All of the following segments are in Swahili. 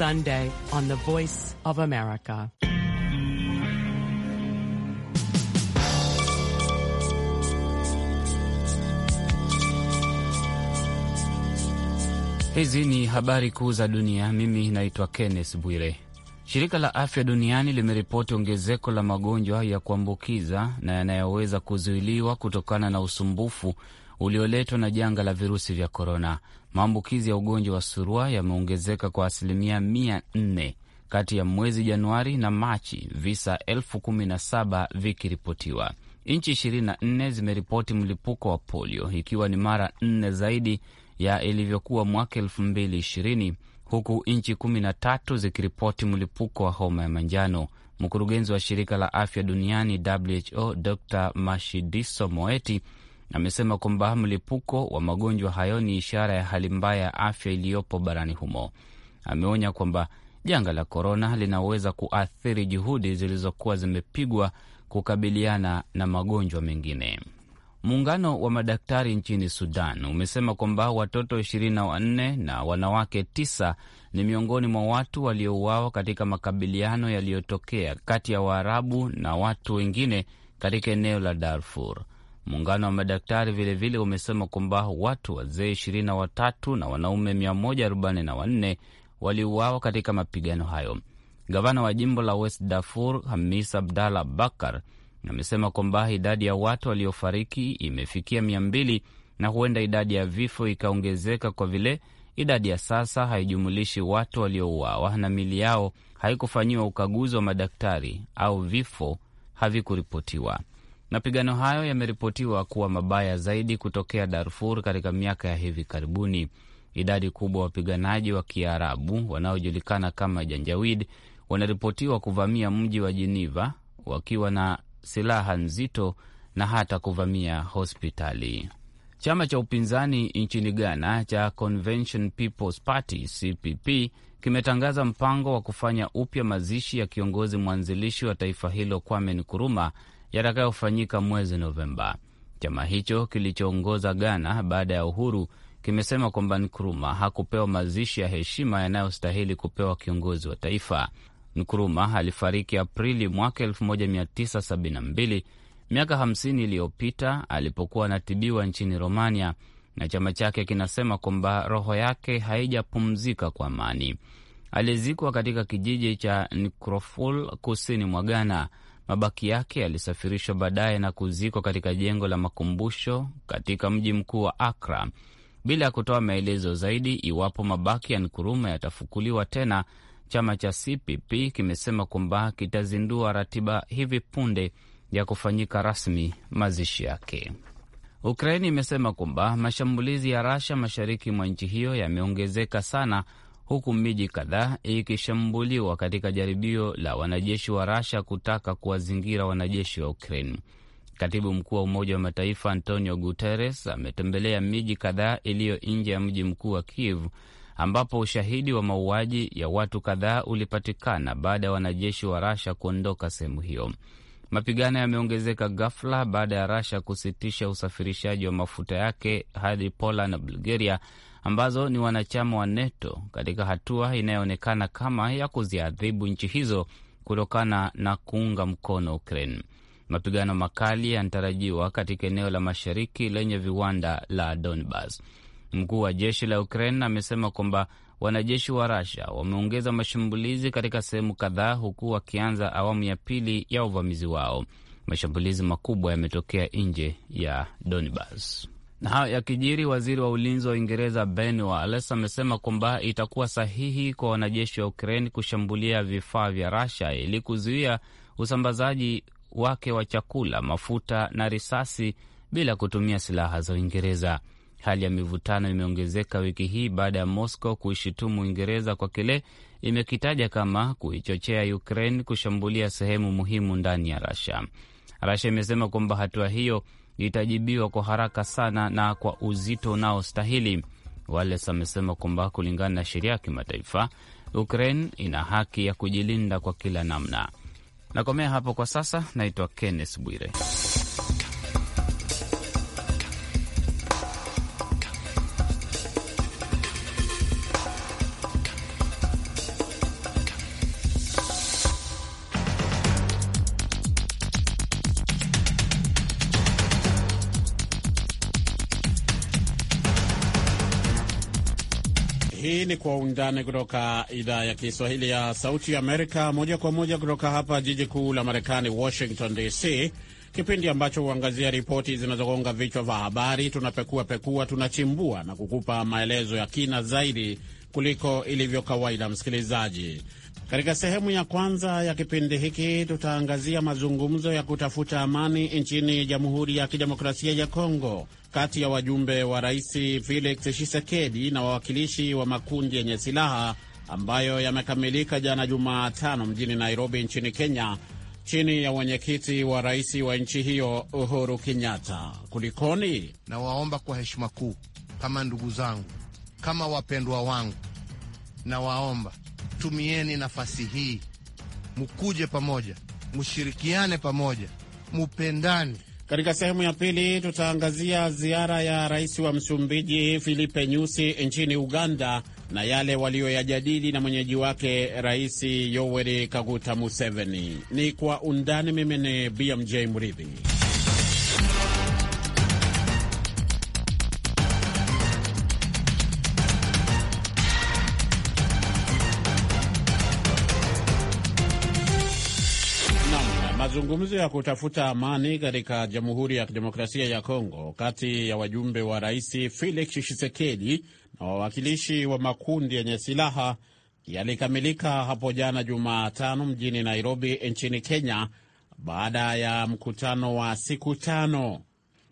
Sunday on the Voice of America. Hizi ni habari kuu za dunia. Mimi naitwa Kenneth Bwire. Shirika la Afya Duniani limeripoti ongezeko la magonjwa ya kuambukiza na yanayoweza kuzuiliwa kutokana na usumbufu ulioletwa na janga la virusi vya korona. Maambukizi ya ugonjwa wa surua yameongezeka kwa asilimia mia nne kati ya mwezi Januari na Machi, visa elfu kumi na saba vikiripotiwa. Nchi 24 zimeripoti mlipuko wa polio, ikiwa ni mara nne zaidi ya ilivyokuwa mwaka elfu mbili ishirini huku nchi kumi na tatu zikiripoti mlipuko wa homa ya manjano. Mkurugenzi wa shirika la afya duniani WHO Dr Mashidiso Moeti amesema kwamba mlipuko wa magonjwa hayo ni ishara ya hali mbaya ya afya iliyopo barani humo. Ameonya kwamba janga la korona linaweza kuathiri juhudi zilizokuwa zimepigwa kukabiliana na magonjwa mengine. Muungano wa madaktari nchini Sudan umesema kwamba watoto 24 na na wanawake 9 ni miongoni mwa watu waliouawa katika makabiliano yaliyotokea kati ya Waarabu na watu wengine katika eneo la Darfur. Muungano wa madaktari vilevile umesema kwamba watu wazee ishirini na watatu na wanaume 144 waliuawa katika mapigano hayo. Gavana wa jimbo la West Darfur Hamis Abdallah Bakar amesema kwamba idadi ya watu waliofariki imefikia mia mbili na huenda idadi ya vifo ikaongezeka kwa vile idadi ya sasa haijumulishi watu waliouawa na mili yao haikufanyiwa ukaguzi wa madaktari au vifo havikuripotiwa. Mapigano hayo yameripotiwa kuwa mabaya zaidi kutokea Darfur katika miaka ya hivi karibuni. Idadi kubwa wapiganaji wa Kiarabu wanaojulikana kama Janjawid wanaripotiwa kuvamia mji wa Jiniva wakiwa na silaha nzito na hata kuvamia hospitali. Chama cha upinzani nchini Ghana cha Convention People's Party CPP kimetangaza mpango wa kufanya upya mazishi ya kiongozi mwanzilishi wa taifa hilo Kwame Nkuruma yatakayofanyika mwezi Novemba. Chama hicho kilichoongoza Ghana baada ya uhuru kimesema kwamba Nkuruma hakupewa mazishi ya heshima yanayostahili kupewa kiongozi wa taifa. Nkuruma alifariki Aprili mwaka 1972 miaka 50 iliyopita alipokuwa anatibiwa nchini Romania, na chama chake kinasema kwamba roho yake haijapumzika kwa amani. Alizikwa katika kijiji cha Nkroful kusini mwa Ghana. Mabaki yake yalisafirishwa baadaye na kuzikwa katika jengo la makumbusho katika mji mkuu wa Akra bila ya kutoa maelezo zaidi iwapo mabaki ya Nkuruma yatafukuliwa tena. Chama cha CPP kimesema kwamba kitazindua ratiba hivi punde ya kufanyika rasmi mazishi yake. Ukraini imesema kwamba mashambulizi ya Rasha mashariki mwa nchi hiyo yameongezeka sana huku miji kadhaa ikishambuliwa katika jaribio la wanajeshi wa Rasha kutaka kuwazingira wanajeshi wa Ukraine. Katibu mkuu wa Umoja wa Mataifa Antonio Guterres ametembelea miji kadhaa iliyo nje ya mji mkuu wa Kiev ambapo ushahidi wa mauaji ya watu kadhaa ulipatikana baada ya wanajeshi wa Rasha kuondoka sehemu hiyo. Mapigano yameongezeka ghafla baada ya Rasha kusitisha usafirishaji wa mafuta yake hadi Poland na Bulgaria ambazo ni wanachama wa NATO katika hatua inayoonekana kama ya kuziadhibu nchi hizo kutokana na kuunga mkono Ukraine. Mapigano makali yanatarajiwa katika eneo la mashariki lenye viwanda la Donbas. Mkuu wa jeshi la Ukraine amesema kwamba wanajeshi wa rusia wameongeza mashambulizi katika sehemu kadhaa, huku wakianza awamu ya pili ya uvamizi wao. Mashambulizi makubwa yametokea nje ya Donbas. Na hayo yakijiri, waziri wa ulinzi wa Uingereza Ben Wallace amesema kwamba itakuwa sahihi kwa wanajeshi wa Ukraine kushambulia vifaa vya Russia ili kuzuia usambazaji wake wa chakula, mafuta na risasi bila kutumia silaha za Uingereza. Hali ya mivutano imeongezeka wiki hii baada ya Moscow kuishutumu Uingereza kwa kile imekitaja kama kuichochea Ukraine kushambulia sehemu muhimu ndani ya Russia. Russia imesema kwamba hatua hiyo itajibiwa kwa haraka sana na kwa uzito unaostahili. Wales amesema kwamba kulingana na sheria ya kimataifa, Ukraine ina haki ya kujilinda kwa kila namna. Nakomea hapo kwa sasa. Naitwa Kenneth Bwire. ni Kwa Undani kutoka idhaa ya Kiswahili ya Sauti ya Amerika, moja kwa moja kutoka hapa jiji kuu la Marekani, Washington DC, kipindi ambacho huangazia ripoti zinazogonga vichwa vya habari. Tunapekua pekua, tunachimbua na kukupa maelezo ya kina zaidi kuliko ilivyo kawaida, msikilizaji. Katika sehemu ya kwanza ya kipindi hiki tutaangazia mazungumzo ya kutafuta amani nchini Jamhuri ya Kidemokrasia ya Kongo kati ya wajumbe wa Rais Felix Tshisekedi na wawakilishi wa makundi yenye silaha ambayo yamekamilika jana Jumatano mjini Nairobi nchini Kenya chini ya mwenyekiti wa rais wa nchi hiyo Uhuru Kenyatta. Kulikoni? Nawaomba kwa heshima kuu, kama ndugu zangu, kama wapendwa wangu, nawaomba tumieni nafasi hii, mkuje pamoja, mshirikiane pamoja, mupendane. Katika sehemu ya pili tutaangazia ziara ya rais wa Msumbiji Filipe Nyusi nchini Uganda na yale walioyajadili na mwenyeji wake Rais Yoweri Kaguta Museveni. Ni kwa undani. Mimi ni BMJ Mridhi. Mazungumzo ya kutafuta amani katika Jamhuri ya Kidemokrasia ya Kongo kati ya wajumbe wa Rais Felix Tshisekedi na wawakilishi wa makundi yenye ya silaha yalikamilika hapo jana Jumatano mjini Nairobi nchini Kenya baada ya mkutano wa siku tano.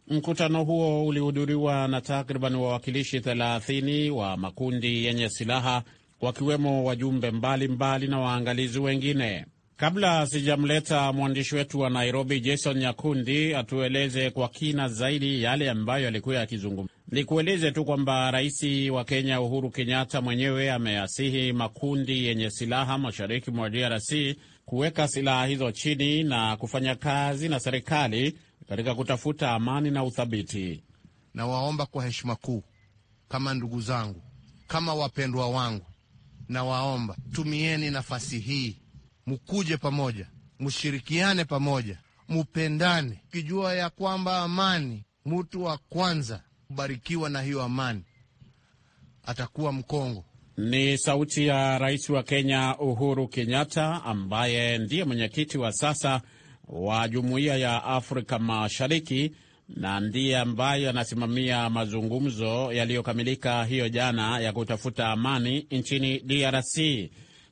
Mkutano huo ulihudhuriwa na takriban wawakilishi 30 wa makundi yenye silaha wakiwemo wajumbe mbalimbali mbali na waangalizi wengine. Kabla sijamleta mwandishi wetu wa Nairobi Jason Nyakundi atueleze kwa kina zaidi yale ambayo yalikuwa ni nikueleze tu kwamba rais wa Kenya Uhuru Kenyatta mwenyewe ameasihi makundi yenye silaha mashariki mwa DRC kuweka silaha hizo chini na kufanya kazi na serikali katika kutafuta amani na uthabiti. Nawaomba kwa heshima kuu, kama ndugu zangu, kama wapendwa wangu, nawaomba tumieni nafasi hii mukuje pamoja, mushirikiane pamoja, mupendane, ukijua ya kwamba amani, mutu wa kwanza kubarikiwa na hiyo amani atakuwa Mkongo. Ni sauti ya rais wa Kenya Uhuru Kenyatta, ambaye ndiye mwenyekiti wa sasa wa Jumuiya ya Afrika Mashariki na ndiye ambaye anasimamia mazungumzo yaliyokamilika hiyo jana ya kutafuta amani nchini DRC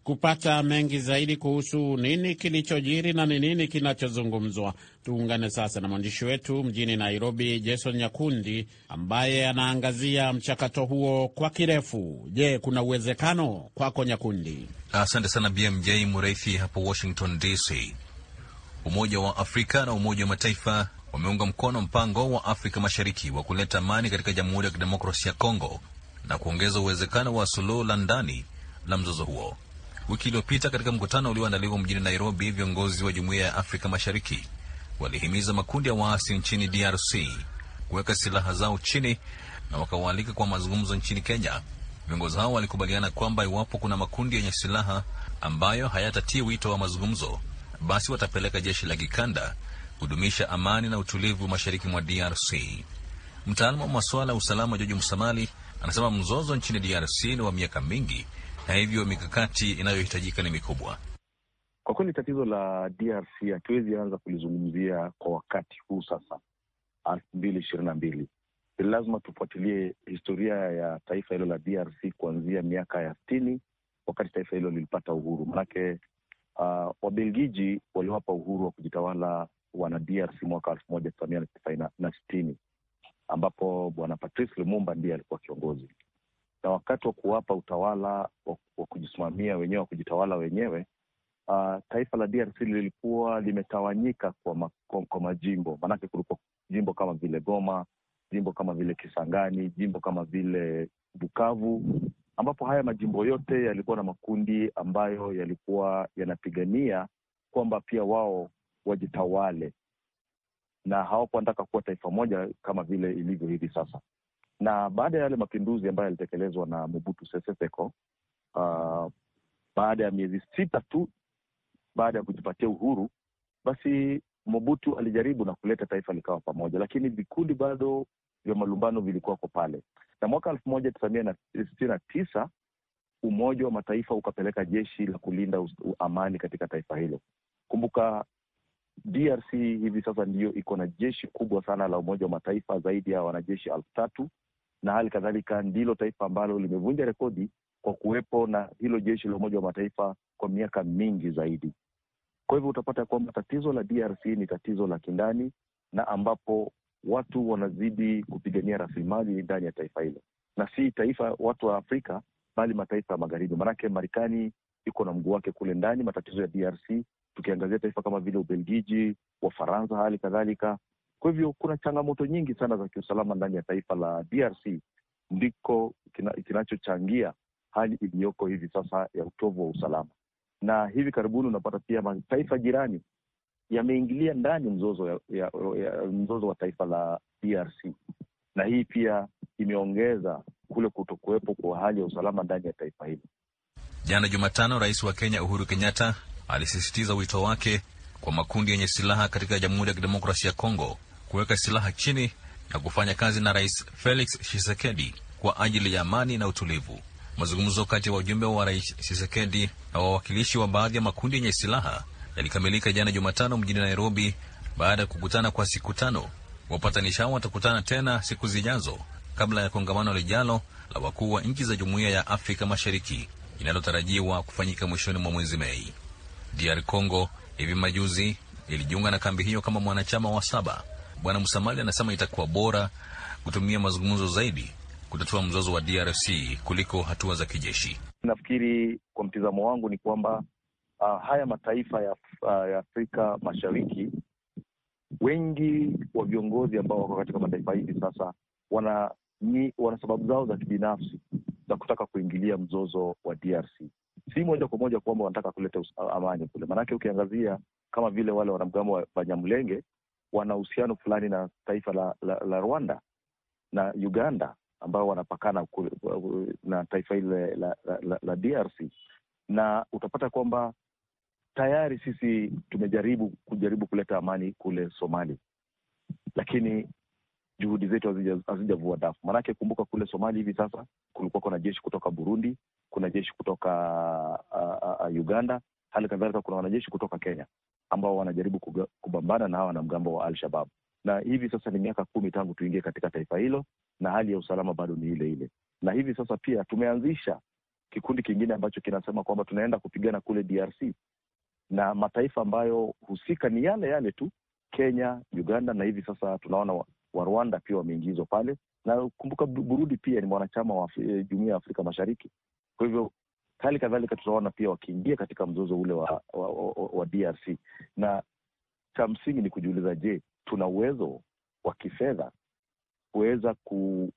kupata mengi zaidi kuhusu nini kilichojiri na ni nini kinachozungumzwa. Tuungane sasa na mwandishi wetu mjini Nairobi, Jason Nyakundi, ambaye anaangazia mchakato huo kwa kirefu. Je, kuna uwezekano kwako, Nyakundi? Asante sana BMJ Mureithi hapo Washington DC. Umoja wa Afrika na Umoja wa Mataifa wameunga mkono mpango wa Afrika Mashariki wa kuleta amani katika Jamhuri ya Kidemokrasia ya Kongo na kuongeza uwezekano wa suluhu la ndani la mzozo huo. Wiki iliyopita katika mkutano ulioandaliwa mjini Nairobi, viongozi wa jumuiya ya Afrika Mashariki walihimiza makundi ya waasi nchini DRC kuweka silaha zao chini na wakawaalika kwa mazungumzo nchini Kenya. Viongozi hao walikubaliana kwamba iwapo kuna makundi yenye silaha ambayo hayatatii wito wa mazungumzo, basi watapeleka jeshi la kikanda kudumisha amani na utulivu mashariki mwa DRC. Mtaalamu wa masuala ya usalama Joji Msamali anasema mzozo nchini DRC ni wa miaka mingi na hivyo mikakati inayohitajika ni mikubwa. Kwa kweli tatizo la DRC hatuwezi anza kulizungumzia kwa wakati huu sasa elfu mbili ishirini na mbili. Ni lazima tufuatilie historia ya taifa hilo la DRC kuanzia miaka ya sitini wakati taifa hilo lilipata uhuru, manake uh, Wabelgiji waliwapa uhuru wa kujitawala wana DRC mwaka elfu moja tisa mia na sitini ambapo bwana Patrice Lumumba ndiye alikuwa kiongozi, na wakati wa kuwapa utawala kujisimamia wenyewe wa kujitawala wenyewe, uh, taifa la DRC lilikuwa limetawanyika kwa, ma, kwa, kwa majimbo. Maanake kulikuwa jimbo kama vile Goma, jimbo kama vile Kisangani, jimbo kama vile Bukavu, ambapo haya majimbo yote yalikuwa na makundi ambayo yalikuwa yanapigania kwamba pia wao wajitawale na hawakuandaka kuwa taifa moja kama vile ilivyo hivi sasa. Na baada ya yale mapinduzi ambayo yalitekelezwa na Mobutu Sese Seko baada ya miezi sita tu baada ya kujipatia uhuru, basi Mobutu alijaribu na kuleta taifa likawa pamoja, lakini vikundi bado vya malumbano vilikuwako pale, na mwaka elfu moja tisa mia sitini na tisa Umoja wa Mataifa ukapeleka jeshi la kulinda amani katika taifa hilo. Kumbuka DRC hivi sasa ndiyo iko na jeshi kubwa sana la Umoja wa Mataifa, zaidi ya wanajeshi elfu tatu na hali kadhalika ndilo taifa ambalo limevunja rekodi kwa kuwepo na hilo jeshi la Umoja wa Mataifa kwa miaka mingi zaidi. Kwa hivyo utapata kwamba tatizo la DRC ni tatizo la kindani, na ambapo watu wanazidi kupigania rasilimali ndani ya taifa hilo, na si taifa watu wa Afrika bali mataifa ya magharibi. Maanake Marekani iko na mguu wake kule ndani matatizo ya DRC, tukiangazia taifa kama vile Ubelgiji, Wafaransa hali kadhalika. Kwa hivyo kuna changamoto nyingi sana za kiusalama ndani ya taifa la DRC, ndiko kinachochangia hali iliyoko hivi sasa ya utovu wa usalama. Na hivi karibuni unapata pia mataifa jirani yameingilia ndani mzozo ya, ya, ya, mzozo wa taifa la DRC, na hii pia imeongeza kule kutokuwepo kwa hali ya usalama ndani ya taifa hilo. Jana Jumatano, rais wa Kenya Uhuru Kenyatta alisisitiza wito wake kwa makundi yenye silaha katika Jamhuri ya Kidemokrasia ya Kongo kuweka silaha chini na kufanya kazi na Rais Felix Tshisekedi kwa ajili ya amani na utulivu. Mazungumzo kati ya wajumbe wa rais shisekedi na wawakilishi wa baadhi ya makundi yenye silaha yalikamilika jana Jumatano mjini Nairobi baada ya kukutana kwa siku tano. Wapatanishi hao watakutana tena siku zijazo kabla ya kongamano lijalo la wakuu wa nchi za Jumuiya ya Afrika Mashariki linalotarajiwa kufanyika mwishoni mwa mwezi Mei. DR Congo hivi majuzi ilijiunga na kambi hiyo kama mwanachama wa saba. Bwana Msamali anasema itakuwa bora kutumia mazungumzo zaidi kutatua mzozo wa DRC kuliko hatua za kijeshi. Nafikiri kwa mtizamo wangu ni kwamba uh, haya mataifa ya, uh, ya Afrika Mashariki, wengi wa viongozi ambao wako katika mataifa hivi sasa wana, ni, wana sababu zao za kibinafsi za kutaka kuingilia mzozo wa DRC. Si moja kwa moja kwamba wanataka kuleta ah, amani kule, maanake ukiangazia kama vile wale wanamgambo wa Banyamulenge wana uhusiano fulani na taifa la, la, la Rwanda na Uganda ambao wanapakana na taifa hili la, la, la, la DRC, na utapata kwamba tayari sisi tumejaribu kujaribu kuleta amani kule Somali, lakini juhudi zetu hazijavua dafu. Maanake kumbuka, kule Somali hivi sasa kulikuwa kuna jeshi kutoka Burundi, kuna jeshi kutoka uh, uh, Uganda, hali kadhalika kuna wanajeshi kutoka Kenya ambao wanajaribu kubambana na hawa wanamgambo wa Al-Shabab na hivi sasa ni miaka kumi tangu tuingie katika taifa hilo, na hali ya usalama bado ni ile ile. Na hivi sasa pia tumeanzisha kikundi kingine ambacho kinasema kwamba tunaenda kupigana kule DRC, na mataifa ambayo husika ni yale yale tu, Kenya, Uganda, na hivi sasa tunaona wa, Rwanda pia wameingizwa pale, na kumbuka Burundi pia ni mwanachama wa eh, Jumuiya ya Afrika Mashariki. Kwa hivyo hali kadhalika tutaona pia wakiingia katika mzozo ule wa, wa, wa, wa DRC, na cha msingi ni kujiuliza, je, tuna uwezo wa kifedha kuweza ku,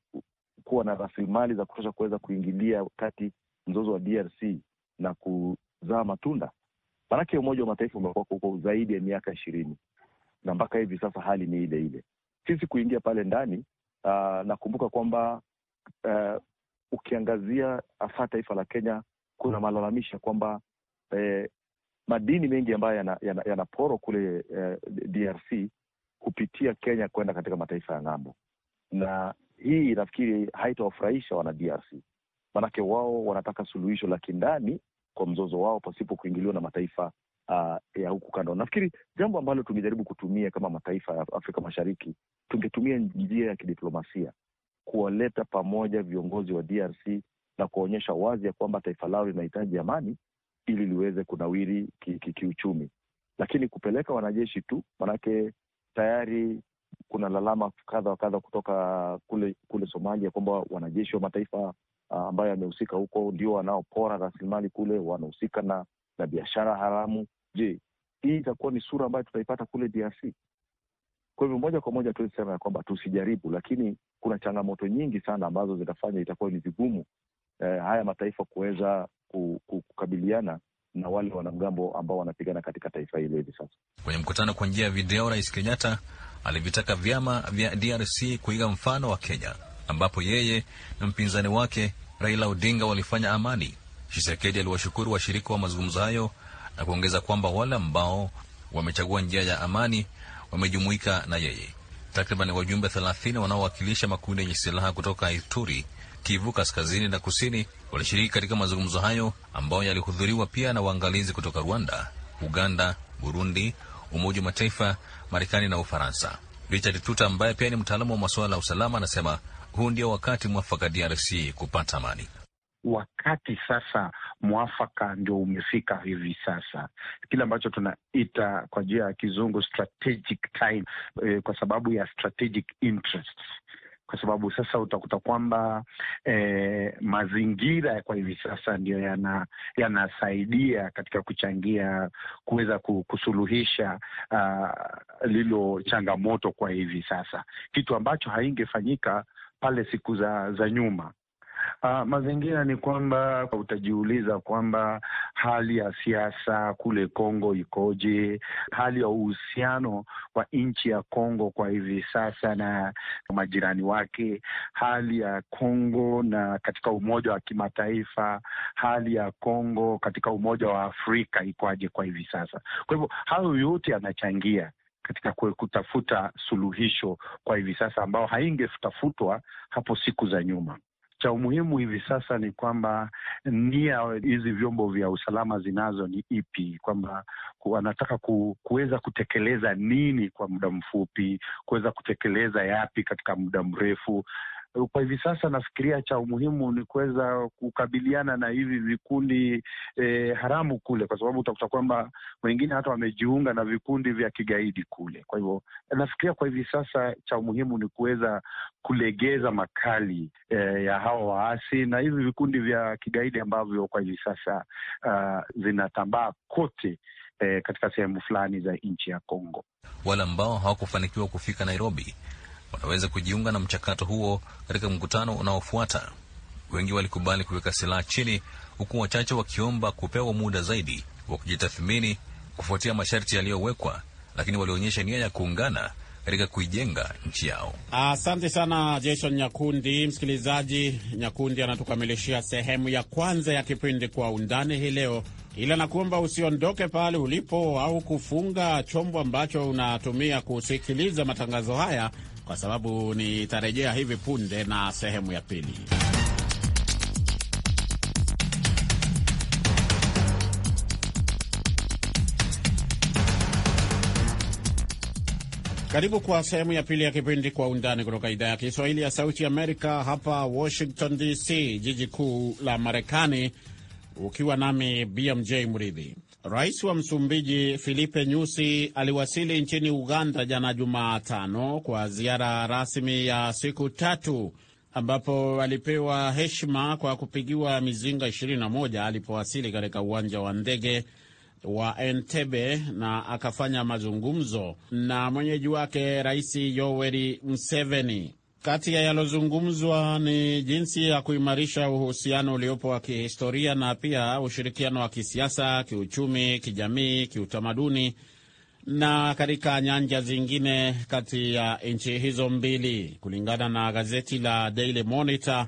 kuwa na rasilimali za kutosha kuweza kuingilia kati mzozo wa DRC na kuzaa matunda. Maanake Umoja wa Mataifa umekuwa huko zaidi ya miaka ishirini na mpaka hivi sasa hali ni ile ile. Sisi kuingia pale ndani, uh, nakumbuka kwamba uh, ukiangazia hasa taifa la Kenya kuna malalamisha kwamba eh, madini mengi ambayo yanaporwa yana, yana kule eh, DRC kupitia Kenya kwenda katika mataifa ya ng'ambo, na hii nafikiri haitawafurahisha wana DRC, maanake wao wanataka suluhisho la kindani kwa mzozo wao pasipo kuingiliwa na mataifa uh, ya huku kando. Nafikiri jambo ambalo tungejaribu kutumia kama mataifa ya Afrika Mashariki, tungetumia njia ya kidiplomasia kuwaleta pamoja viongozi wa DRC na kuwaonyesha wazi ya kwamba taifa lao linahitaji amani ili liweze kunawiri ki, ki, kiuchumi, lakini kupeleka wanajeshi tu, manake tayari kuna lalama kadha wa kadha kutoka kule kule Somalia kwamba wanajeshi wa mataifa ah, ambayo yamehusika huko ndio wanaopora rasilimali kule, wanahusika na na biashara haramu. Je, hii itakuwa ni sura ambayo tutaipata kule DRC? Kwa hivyo moja kwa moja tuwezi sema ya kwamba tusijaribu, lakini kuna changamoto nyingi sana ambazo zitafanya itakuwa ni vigumu eh, haya mataifa kuweza kukabiliana na wale wanamgambo ambao wanapigana katika taifa hilo hivi sasa. Kwenye mkutano kwa njia ya video, Rais Kenyatta alivitaka vyama vya DRC kuiga mfano wa Kenya, ambapo yeye na mpinzani wake Raila Odinga walifanya amani. Tshisekedi aliwashukuru washirika wa, wa mazungumzo hayo na kuongeza kwamba wale ambao wamechagua njia ya amani wamejumuika na yeye. Takriban wajumbe thelathini wanaowakilisha makundi yenye silaha kutoka Ituri Kivu Kaskazini na Kusini walishiriki katika mazungumzo hayo ambayo yalihudhuriwa pia na waangalizi kutoka Rwanda, Uganda, Burundi, Umoja wa Mataifa, Marekani na Ufaransa. Richard Tuta ambaye pia ni mtaalamu wa masuala ya usalama anasema huu ndio wakati mwafaka DRC kupata amani. Wakati sasa mwafaka ndio umefika hivi sasa, kile ambacho tunaita kwa njia ya kizungu strategic time, eh, kwa sababu ya strategic interests kwa sababu sasa utakuta kwamba eh, mazingira kwa hivi sasa ndio yanasaidia katika kuchangia kuweza kusuluhisha uh, lilo changamoto kwa hivi sasa, kitu ambacho haingefanyika pale siku za, za nyuma. Uh, mazingira ni kwamba utajiuliza kwamba hali ya siasa kule Kongo ikoje, hali ya uhusiano wa nchi ya Kongo kwa hivi sasa na majirani wake, hali ya Kongo na katika umoja wa kimataifa, hali ya Kongo katika umoja wa Afrika ikoaje kwa hivi sasa. Kwa hivyo hayo yote yanachangia katika kutafuta suluhisho kwa hivi sasa ambao haingetafutwa hapo siku za nyuma. Cha umuhimu hivi sasa ni kwamba nia hizi vyombo vya usalama zinazo ni ipi, kwamba wanataka ku, kuweza kutekeleza nini kwa muda mfupi, kuweza kutekeleza yapi katika muda mrefu Eh, kwa hivi sasa nafikiria cha umuhimu ni kuweza kukabiliana na hivi vikundi eh, haramu kule, kwa sababu utakuta kwamba wengine hata wamejiunga na vikundi vya kigaidi kule. Kwa hivyo eh, nafikiria kwa hivi sasa cha umuhimu ni kuweza kulegeza makali eh, ya hawa waasi na hivi vikundi vya kigaidi ambavyo kwa hivi sasa uh, zinatambaa kote eh, katika sehemu fulani za nchi ya Kongo. Wale ambao hawakufanikiwa kufika Nairobi wanaweza kujiunga na mchakato huo katika mkutano unaofuata. Wengi walikubali kuweka silaha chini, huku wachache wakiomba kupewa muda zaidi wa kujitathmini kufuatia masharti yaliyowekwa, lakini walionyesha nia ya kuungana katika kuijenga nchi yao. Asante sana Jason Nyakundi. Msikilizaji, Nyakundi anatukamilishia sehemu ya kwanza ya kipindi Kwa Undani hii leo, ila nakuomba usiondoke pale ulipo au kufunga chombo ambacho unatumia kusikiliza matangazo haya, kwa sababu nitarejea hivi punde na sehemu ya pili. Karibu kwa sehemu ya pili ya kipindi Kwa Undani kutoka idhaa ya Kiswahili ya Sauti Amerika, hapa Washington DC, jiji kuu la Marekani, ukiwa nami BMJ Mridhi. Rais wa Msumbiji Filipe Nyusi aliwasili nchini Uganda jana Jumatano kwa ziara rasmi ya siku tatu ambapo alipewa heshima kwa kupigiwa mizinga 21 alipowasili katika uwanja wa ndege wa Entebbe na akafanya mazungumzo na mwenyeji wake Rais Yoweri Museveni. Kati ya yalozungumzwa ni jinsi ya kuimarisha uhusiano uliopo wa kihistoria na pia ushirikiano wa kisiasa, kiuchumi, kijamii, kiutamaduni na katika nyanja zingine kati ya nchi hizo mbili. Kulingana na gazeti la Daily Monitor,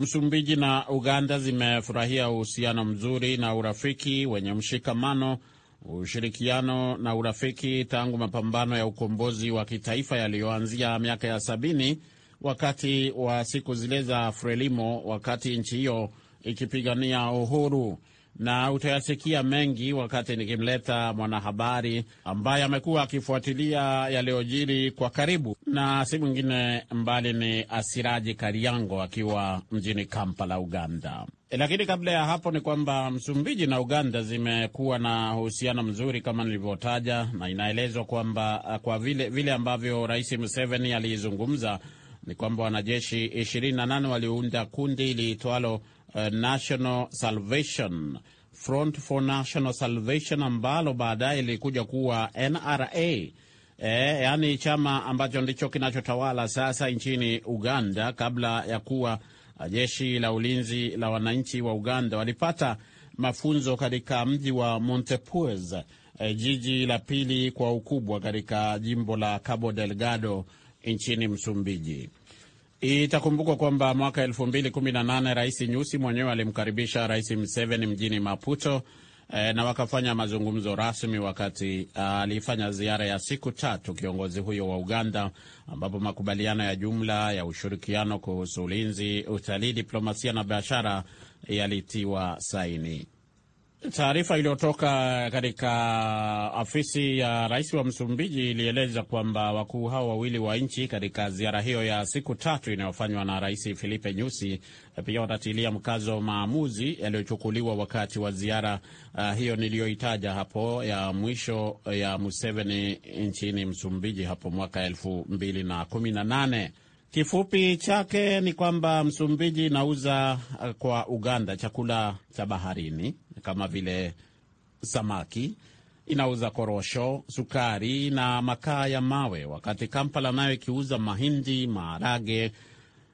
Msumbiji na Uganda zimefurahia uhusiano mzuri na urafiki wenye mshikamano, ushirikiano na urafiki tangu mapambano ya ukombozi wa kitaifa yaliyoanzia miaka ya sabini wakati wa siku zile za Frelimo, wakati nchi hiyo ikipigania uhuru na utayasikia mengi wakati nikimleta mwanahabari ambaye amekuwa akifuatilia yaliyojiri kwa karibu, na si mwingine mbali ni Asiraji Kariango akiwa mjini Kampala, Uganda. Eh, lakini kabla ya hapo ni kwamba Msumbiji na Uganda zimekuwa na uhusiano mzuri kama nilivyotaja, na inaelezwa kwamba kwa vile, vile ambavyo Rais Museveni aliizungumza ni kwamba wanajeshi 28 waliunda kundi liitwalo uh, National Salvation Front for National Salvation ambalo baadaye lilikuja kuwa NRA. E, eh, yaani chama ambacho ndicho kinachotawala sasa nchini Uganda. Kabla ya kuwa eh, jeshi la ulinzi la wananchi wa Uganda, walipata mafunzo katika mji wa Montepuez, e, jiji la pili kwa ukubwa katika jimbo la Cabo Delgado nchini Msumbiji. Itakumbukwa kwamba mwaka 2018 Rais Nyusi mwenyewe alimkaribisha Rais Museveni mjini Maputo eh, na wakafanya mazungumzo rasmi wakati ah, alifanya ziara ya siku tatu kiongozi huyo wa Uganda, ambapo makubaliano ya jumla ya ushirikiano kuhusu ulinzi, utalii, diplomasia na biashara yalitiwa saini. Taarifa iliyotoka katika afisi ya rais wa Msumbiji ilieleza kwamba wakuu hao wawili wa nchi katika ziara hiyo ya siku tatu inayofanywa na Rais Filipe Nyusi eh, pia watatilia mkazo maamuzi yaliyochukuliwa wakati wa ziara uh, hiyo niliyoitaja hapo ya mwisho eh, ya Museveni nchini Msumbiji hapo mwaka elfu mbili na kumi na nane. Kifupi chake ni kwamba Msumbiji inauza kwa Uganda chakula cha baharini kama vile samaki, inauza korosho, sukari na makaa ya mawe, wakati Kampala nayo ikiuza mahindi, maharage,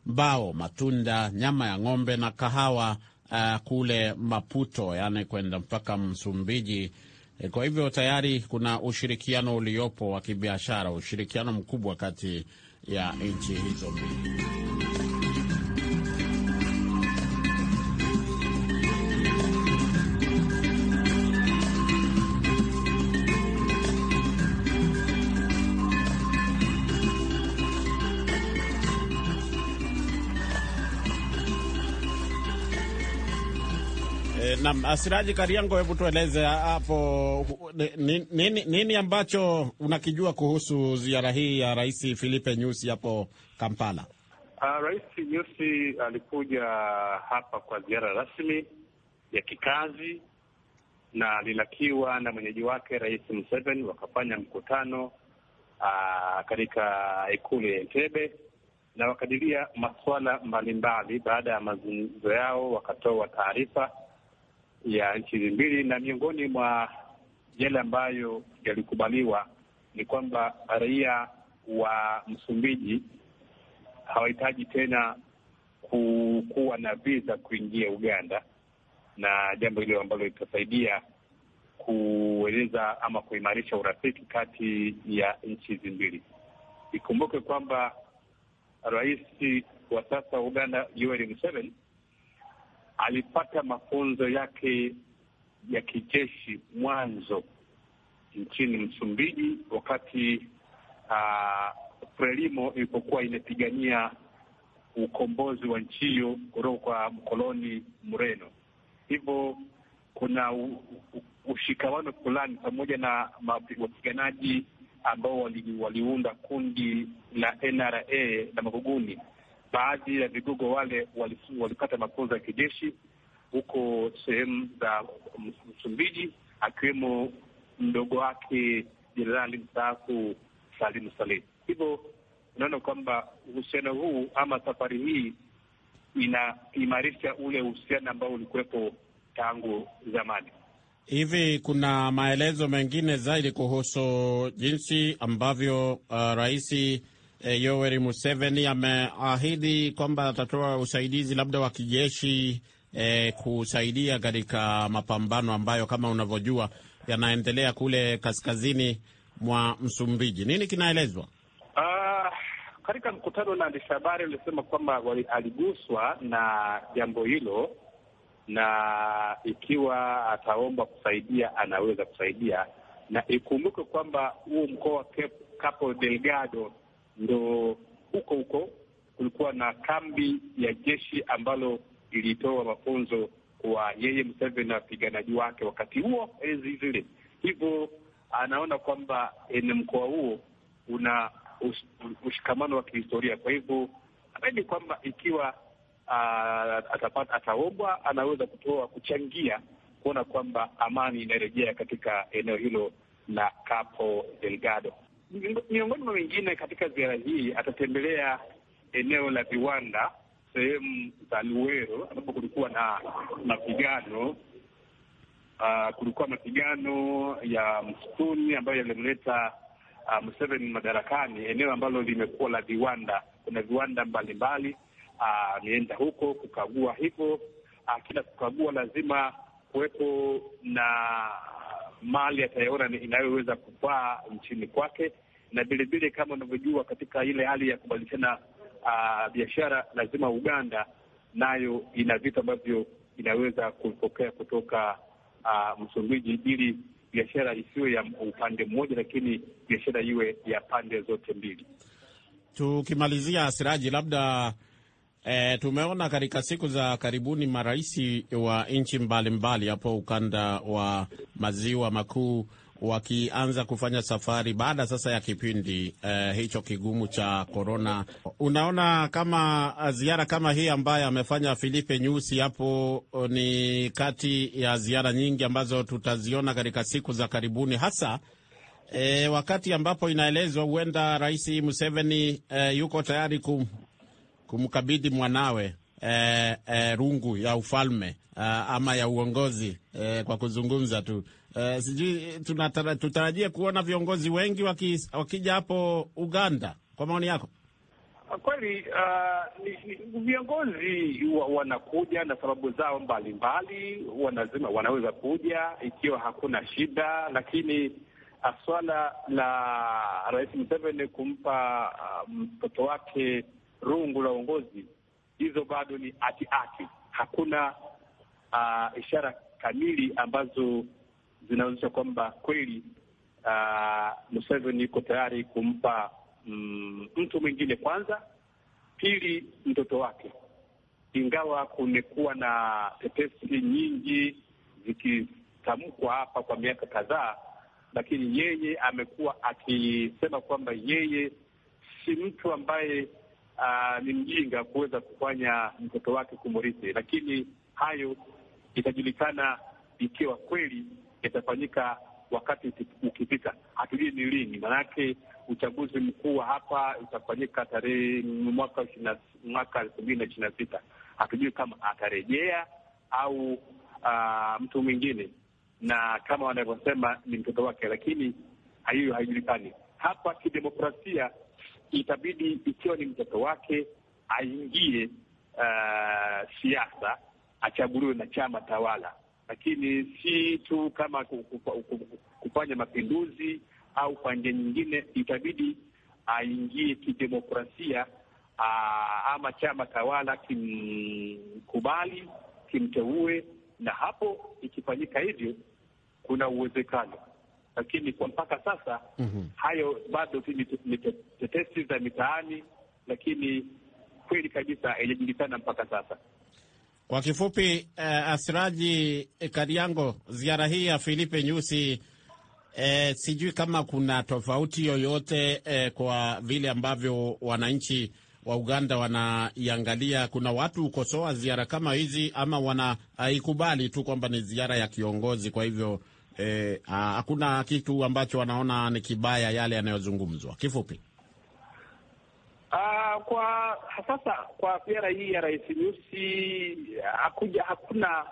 mbao, matunda, nyama ya ng'ombe na kahawa uh, kule Maputo, yaani kwenda mpaka Msumbiji. E, kwa hivyo tayari kuna ushirikiano uliopo wa kibiashara, ushirikiano mkubwa kati ya nchi hizo mbili. Naam, Siraji Kariango, hebu tueleze hapo nini, nini, ambacho unakijua kuhusu ziara hii ya Rais Filipe Nyusi hapo Kampala? Uh, Rais Nyusi alikuja hapa kwa ziara rasmi ya kikazi na alilakiwa na mwenyeji wake Rais Museveni, wakafanya mkutano uh, katika ikulu ya Entebbe na wakadilia masuala mbalimbali. Baada ya mazungumzo yao, wakatoa taarifa ya nchi hizi mbili, na miongoni mwa yale ambayo yalikubaliwa ni kwamba raia wa Msumbiji hawahitaji tena kuwa na visa kuingia Uganda, na jambo hilo ambalo litasaidia kueleza ama kuimarisha urafiki kati ya nchi hizi mbili. Ikumbuke kwamba rais wa sasa wa Uganda Yoweri Museveni alipata mafunzo yake ya kijeshi mwanzo nchini Msumbiji wakati uh, Frelimo ilipokuwa inapigania ukombozi wa nchi hiyo kutoka kwa mkoloni Mreno. Hivyo kuna ushikamano fulani pamoja na wapiganaji ambao wali, waliunda kundi la NRA la Maguguni baadhi ya vigogo wale walipata mafunzo ya kijeshi huko sehemu za Msumbiji, akiwemo mdogo wake jenerali mstaafu Salim Saleh. Hivyo unaona kwamba uhusiano huu ama safari hii inaimarisha ule uhusiano ambao ulikuwepo tangu zamani. Hivi kuna maelezo mengine zaidi kuhusu jinsi ambavyo uh, raisi Eh, Yoweri Museveni ameahidi kwamba atatoa usaidizi labda wa kijeshi e, kusaidia katika mapambano ambayo kama unavyojua yanaendelea kule kaskazini mwa Msumbiji. Nini kinaelezwa? Ah, katika mkutano na andishi habari walisema kwamba aliguswa na jambo hilo, na ikiwa ataomba kusaidia anaweza kusaidia, na ikumbuke kwamba huu mkoa wa Cabo Delgado ndo huko huko kulikuwa na kambi ya jeshi ambalo ilitoa mafunzo kwa yeye Museveni na wapiganaji wake wakati huo enzi zile. Hivyo anaona ah, kwamba eh, mkoa huo una ushikamano wa kihistoria. Kwa hivyo ameni kwamba ikiwa uh, atapata ataombwa, anaweza kutoa kuchangia kuona kwamba amani inarejea katika eneo hilo la Cabo Delgado. Miongoni mwa mengine, katika ziara hii atatembelea eneo la viwanda sehemu za Luwero ambapo kulikuwa na mapigano uh, kulikuwa mapigano ya msituni ambayo yalimleta uh, Museveni madarakani, eneo ambalo limekuwa la viwanda. Kuna viwanda mbalimbali ah, ameenda uh, huko kukagua hivyo. Uh, kila kukagua lazima kuwepo na mali atayaona inayoweza kufaa nchini kwake, na vilevile kama unavyojua, katika ile hali ya kubadilishana uh, biashara, lazima Uganda nayo ina vitu ambavyo inaweza kupokea kutoka uh, Msumbiji ili biashara isiwe ya upande mmoja, lakini biashara iwe ya pande zote mbili. Tukimalizia Siraji, labda E, tumeona katika siku za karibuni marais wa nchi mbalimbali hapo ukanda wa maziwa makuu wakianza kufanya safari baada sasa ya kipindi e, hicho kigumu cha korona. Unaona kama eh, ziara kama hii ambayo amefanya Filipe Nyusi hapo oh, ni kati ya ziara nyingi ambazo tutaziona katika siku za karibuni hasa E, wakati ambapo inaelezwa huenda Rais Museveni e, yuko tayari kumkabidhi mwanawe e, e, rungu ya ufalme ah, ama ya uongozi e, kwa kuzungumza tu e, sijui tutarajie kuona viongozi wengi wakija hapo Uganda kwa maoni yako? Kweli uh, viongozi wanakuja na sababu zao mbalimbali, wanazima wanaweza kuja ikiwa hakuna shida, lakini ah, swala la Rais Museveni kumpa ah, mtoto um, wake rungu la uongozi, hizo bado ni ati ati, hakuna uh, ishara kamili ambazo zinaonyesha kwamba kweli uh, Museveni yuko tayari kumpa mm, mtu mwingine kwanza, pili mtoto wake, ingawa kumekuwa na tetesi nyingi zikitamkwa hapa kwa miaka kadhaa, lakini yeye amekuwa akisema kwamba yeye si mtu ambaye uh, ni mjinga kuweza kufanya mtoto wake kumrithi, lakini hayo itajulikana ikiwa kweli itafanyika wakati ukipita Hatujui ni lini, maanake uchaguzi mkuu wa hapa utafanyika tarehe mwaka elfu mbili na ishirini na sita. Hatujui kama atarejea au uh, mtu mwingine, na kama wanavyosema ni mtoto wake, lakini hiyo haijulikani. Hapa kidemokrasia itabidi ikiwa ni mtoto wake aingie uh, siasa, achaguliwe na chama tawala, lakini si tu kama kufanya mapinduzi au kwa njia nyingine, itabidi aingie kidemokrasia, uh, ama chama tawala kimkubali, kimteue, na hapo ikifanyika hivyo, kuna uwezekano lakini kwa mpaka sasa mm -hmm. hayo bado ni tetesi za mitaani, lakini kweli kabisa haijajulikana mpaka sasa. Kwa kifupi, uh, Asiraji Kariango, ziara hii ya Filipe Nyusi eh, sijui kama kuna tofauti yoyote eh, kwa vile ambavyo wananchi wa Uganda wanaiangalia. Kuna watu hukosoa ziara kama hizi ama wanaikubali tu kwamba ni ziara ya kiongozi, kwa hivyo eh, ah, hakuna kitu ambacho wanaona ni kibaya yale yanayozungumzwa kifupi? Uh, kwa sasa kwa ziara hii ya Rais Nyusi hakuja, hakuna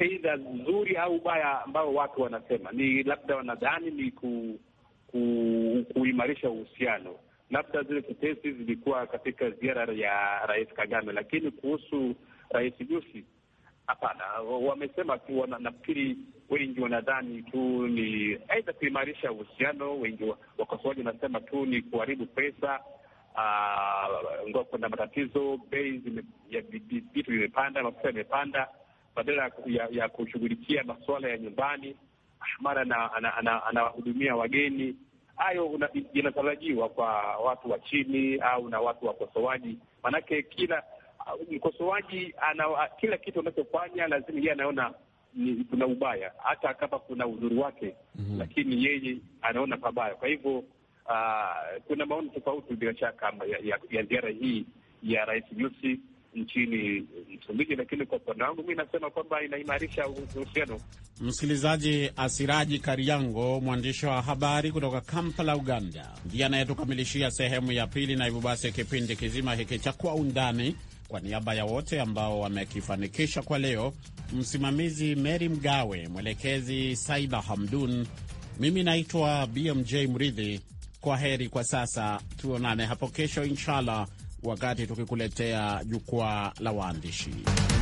aidha eh, nzuri au ubaya ambao watu wanasema, ni labda wanadhani ni ku, ku, kuimarisha uhusiano. Labda zile tetesi zilikuwa katika ziara ya Rais Kagame, lakini kuhusu Rais Nyusi Hapana, wamesema tu, nafikiri wengi wanadhani tu ni aidha kuimarisha uhusiano. Wengi wakosoaji wanasema tu ni kuharibu pesa. Uh, kuna matatizo, bei ya vitu vimepanda, mafuta yamepanda, badala ya, ya kushughulikia masuala ya nyumbani, ah, mara anawahudumia wageni. Hayo inatarajiwa kwa watu wa chini au na watu wakosoaji, maanake kila mkosoaji ana kila kitu anachofanya lazima yeye anaona ni kuna ubaya, hata kama kuna uzuri wake mm -hmm. Lakini yeye anaona pabaya. Kwa hivyo uh, kuna maoni tofauti bila shaka ya, ya ziara hii ya Rais Nyusi nchini Msumbiji, lakini kwa upande wangu mi nasema kwamba inaimarisha uhusiano. Msikilizaji, Asiraji Kariango, mwandishi wa habari kutoka Kampala, Uganda, ndiye anayetukamilishia sehemu ya pili, na hivyo basi kipindi kizima hiki cha Kwa Undani kwa niaba ya wote ambao wamekifanikisha kwa leo, msimamizi Meri Mgawe, mwelekezi Saida Hamdun, mimi naitwa BMJ Mridhi. Kwa heri kwa sasa, tuonane hapo kesho inshallah, wakati tukikuletea jukwaa la waandishi.